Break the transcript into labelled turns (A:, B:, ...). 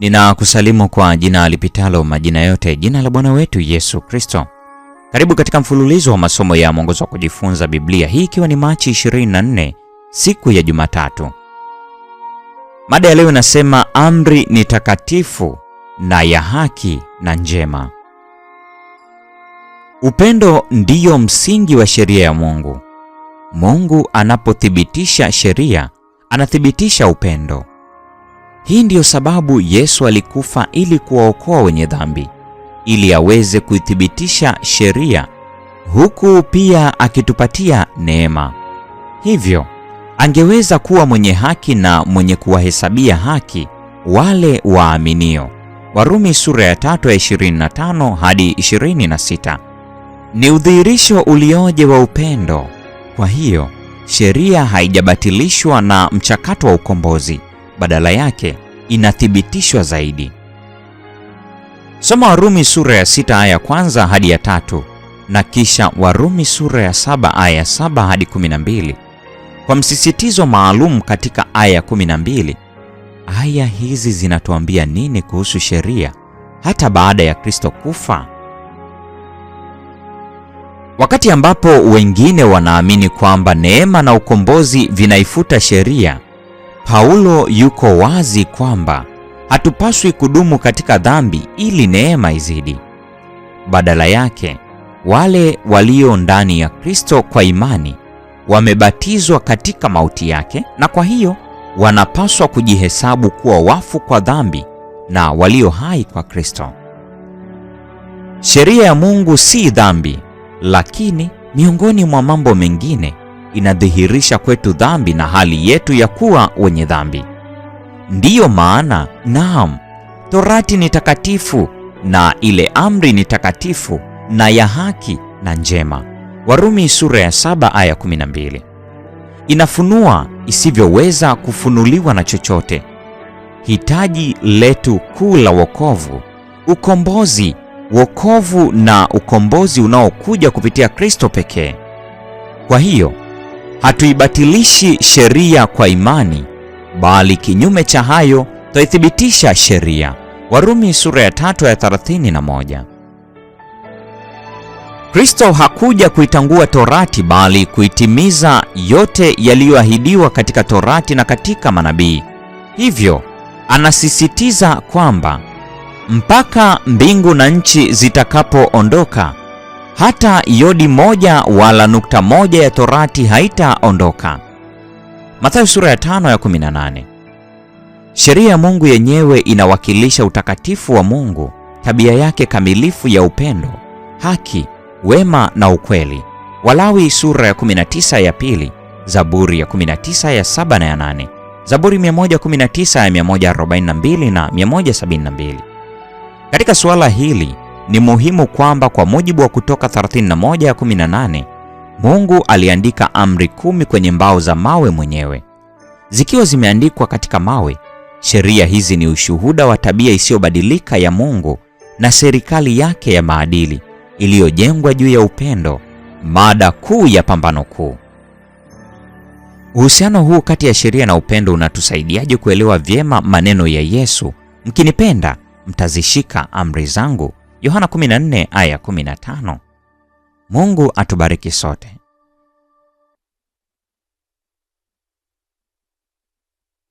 A: Ninakusalimu kwa jina alipitalo majina yote, jina la Bwana wetu Yesu Kristo. Karibu katika mfululizo wa masomo ya mwongozo wa kujifunza Biblia, hii ikiwa ni Machi 24 siku ya Jumatatu. Mada ya leo inasema amri ni takatifu na ya haki na njema. Upendo ndiyo msingi wa sheria ya Mungu. Mungu anapothibitisha sheria, anathibitisha upendo. Hii ndiyo sababu Yesu alikufa ili kuwaokoa wenye dhambi, ili aweze kuithibitisha sheria, huku pia akitupatia neema. Hivyo angeweza kuwa mwenye haki na mwenye kuwahesabia haki wale waaminio. Warumi sura ya 3 ya 25 hadi 26. Ni udhihirisho ulioje wa upendo. Kwa hiyo sheria haijabatilishwa na mchakato wa ukombozi badala yake inathibitishwa zaidi. Soma Warumi sura ya sita aya kwanza hadi ya tatu na kisha Warumi sura ya saba aya ya saba hadi kumi na mbili kwa msisitizo maalum katika aya ya kumi na mbili. Aya hizi zinatuambia nini kuhusu sheria hata baada ya Kristo kufa? Wakati ambapo wengine wanaamini kwamba neema na ukombozi vinaifuta sheria, Paulo yuko wazi kwamba hatupaswi kudumu katika dhambi ili neema izidi. Badala yake, wale walio ndani ya Kristo kwa imani wamebatizwa katika mauti yake, na kwa hiyo wanapaswa kujihesabu kuwa wafu kwa dhambi na walio hai kwa Kristo. Sheria ya Mungu si dhambi, lakini miongoni mwa mambo mengine inadhihirisha kwetu dhambi na hali yetu ya kuwa wenye dhambi. Ndiyo maana naam, Torati ni takatifu na ile amri ni takatifu na ya haki na njema. Warumi sura ya saba aya 12 inafunua isivyoweza kufunuliwa na chochote. Hitaji letu kuu la wokovu, ukombozi, wokovu na ukombozi unaokuja kupitia Kristo pekee. Kwa hiyo Hatuibatilishi sheria kwa imani, bali kinyume cha hayo twaithibitisha sheria. Warumi sura ya tatu ya thelathini na moja. Kristo hakuja kuitangua Torati bali kuitimiza yote yaliyoahidiwa katika Torati na katika manabii. Hivyo anasisitiza kwamba mpaka mbingu na nchi zitakapoondoka hata yodi moja wala nukta moja ya torati haitaondoka. Mathayo sura ya tano ya kumi Sheria ya Mungu yenyewe inawakilisha utakatifu wa Mungu, tabia yake kamilifu ya upendo, haki, wema na ukweli. Walawi sura ya 19 ya pili, Zaburi ya 19 ya 7 na ya 8, Zaburi 119 ya 142 na 172. Katika suala hili ni muhimu kwamba kwa mujibu wa Kutoka 31:18 Mungu aliandika amri kumi kwenye mbao za mawe mwenyewe. Zikiwa zimeandikwa katika mawe, sheria hizi ni ushuhuda wa tabia isiyobadilika ya Mungu na serikali yake ya maadili iliyojengwa juu ya upendo, mada kuu ya Pambano Kuu. Uhusiano huu kati ya sheria na upendo unatusaidiaje kuelewa vyema maneno ya Yesu, mkinipenda mtazishika amri zangu? Yohana 14 aya 15. Mungu atubariki sote.